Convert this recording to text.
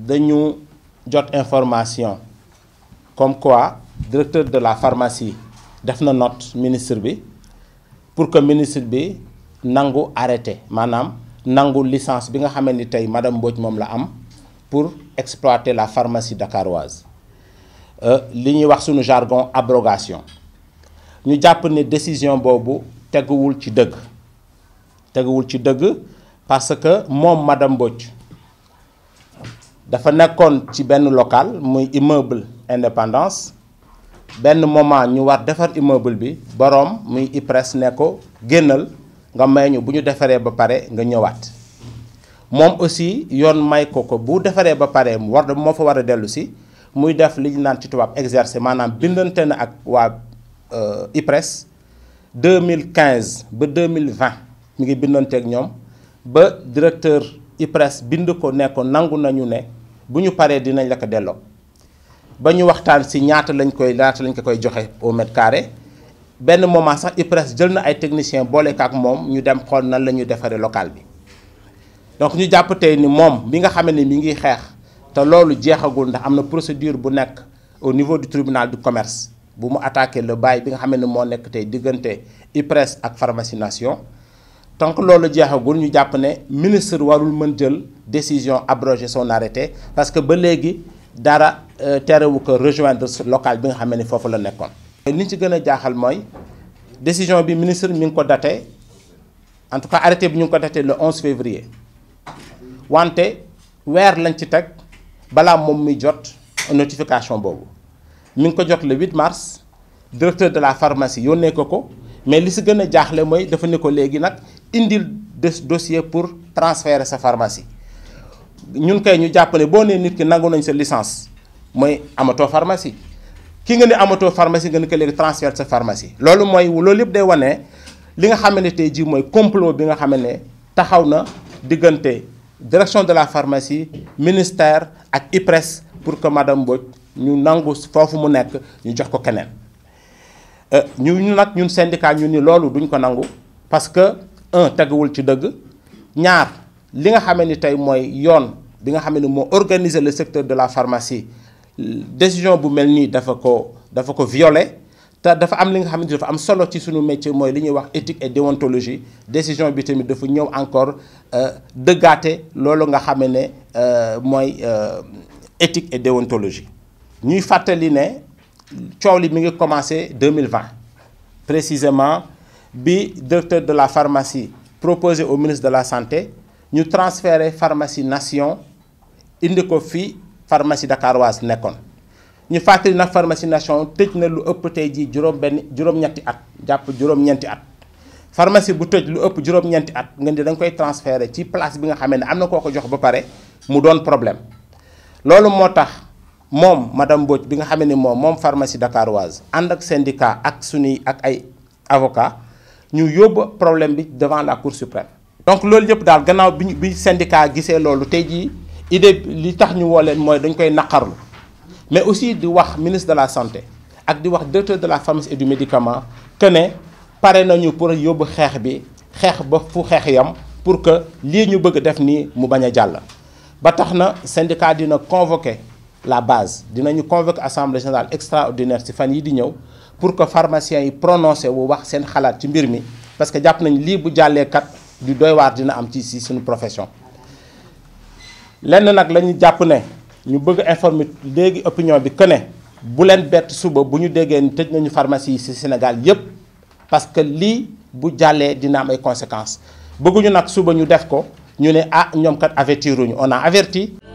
dañu jot information comme quoi directeur de la pharmacie def na note ministre bi pour que ministre bi nangu arrêté manam nangu licence bi nga xamante ni madame pharmacie mom la am pour exploiter la pharmacie dakaroise euh, li ñuy wax sunu jargon abrogation ñu japp ne décision bobu teguwul ci dëgg teguwul ci dëgg parce que mom madame dafa nekkoon ci benn local muy immeuble indépendance benn moment ñu war defar immeuble bi boroom muy IPRES ne ko génnal nga may ñu bu ñu defaree ba pare nga ñëwaat moom aussi yoon may ko ko bu defaree ba pare mu war moo fa war a dellu si muy def li ñu naan ci tubaab exercer maanaam bindante na ak waa euh, IPRES 2015 ba 2020 mi ngi ak ñoom ba directeur IPRES bind ko ne nangu nañu ne bu ñu paree dinañ la ko delloo ba ñu waxtaan si ñaata lañ koy ñaata lañ ko koy joxe au mètre carré benn moment sax IPRES jël na ay technicien boole ak moom ñu dem xool nan la ñuy defaree local bi donc ñu jàpp tey ni moom bi nga xam ne mi ngi xeex te loolu jeexagul ndax am na procédure bu nekk au niveau du tribunal du commerce bu mu attaqué le bail bi nga xam ne moo nekk tey diggante IPRES ak Pharmacie Nation tant que loolu jeexagul ñu jàpp ne ministre warul mën jël. décision abroger son arrêté parce que ba légui dara euh, terewu ko rejoindre local bi nga xamné fofu la nekkoon. li ci gëna jaaxal décision bi ministre mi ngi ko daté en tout cas arrêté bi ñu ko daté le 11 février wanté weer lañ ci teg bala mom mi jot notification bobu mi ngi ko jot le 8 mars directeur de la pharmacie yónnee ko ko mais li ci gëna a moy dafa ne ko léegi indil dossier pour transférer sa pharmacie ñun kay ñu jappalé bo né nit ki nangu nañ sa licence moy amato pharmacie ki nga né amato pharmacie nga ne ko transfert sa pharmacie. lolu moy lolu yëpp day wone li nga xam ne tey jii mooy complot bi nga xam ne taxaw na direction de la pharmacie ministère ak IPRES pour que madame Mbodj ñu nangu fofu mu nekk ñu jox ko keneen euh, ñu ñu nak ñun syndicat ñu ni lolu duñ ko nangu parce que un teguwul ci dëgg ñaar li nga xamee ni tey mooy yoon bi nga xamee ni organiser le secteur de la pharmacie décision bu melni dafa ko dafa ko violer ta dafa am li nga xamante dafa am solo ci sunu métier moy li ñuy wax éthique et déontologie décision bi tamit dafa ñëw encore euh, dëggaate lolu nga euh moy euh éthique et déontologie ñuy fatali né ciowli mi ngi commencé 2020 précisément bi docteur de la pharmacie proposé au ministre de la santé ñu transféré pharmacie Nation indi ko fii pharmacie dakaroise nekon ñu fàttali pharmacie Nation tëj na lu upp tay ji juroom ben juroom ñetti at japp juroom ñenti at pharmacie bu tej lu upp juroom ñenti at nga di dang koy transféré ci place bi nga xamé ne amna na ko jox ba pare mu doon problème lolu motax mom madame boj bi nga xamé ni mom moom pharmacie dakaroise and ak syndicat ak suni ak ay avocat ñu yob problème bi devant la cour suprême donc loolu yëpp daal gannaaw bi bi syndicat gisee loolu tey jii idée li tax ñu woo leen mooy dañ koy naqarlu mais aussi di wax ministre de la santé ak di wax directeur de la pharmacie et du médicament que ne pare nañu pour yóbbu xeex bi xeex ba fu xeex yam pour que lii ñu bëgg def nii mu bañ a jàll. ba tax na syndicat dina convoquer la base dinañu convoquer assemblée générale extraordinaire ci fan yi di ñëw pour que pharmaciens yi prononcer wu wax seen xalaat ci mbir mi parce que jàpp nañ lii bu jàllee kat di doy waar dina am ci si suñu profession lenn nak lañu japp jàpp ne ñu bëgg informer légui opinion bi que bu leen bett suba bu ñu déggé ni nañu pharmacie ci Sénégal yépp parce que li bu jalé dina am ay conséquences bëggu ñu nak suba ñu def ko ñu ne ah ñom kat avertiruñu on a averti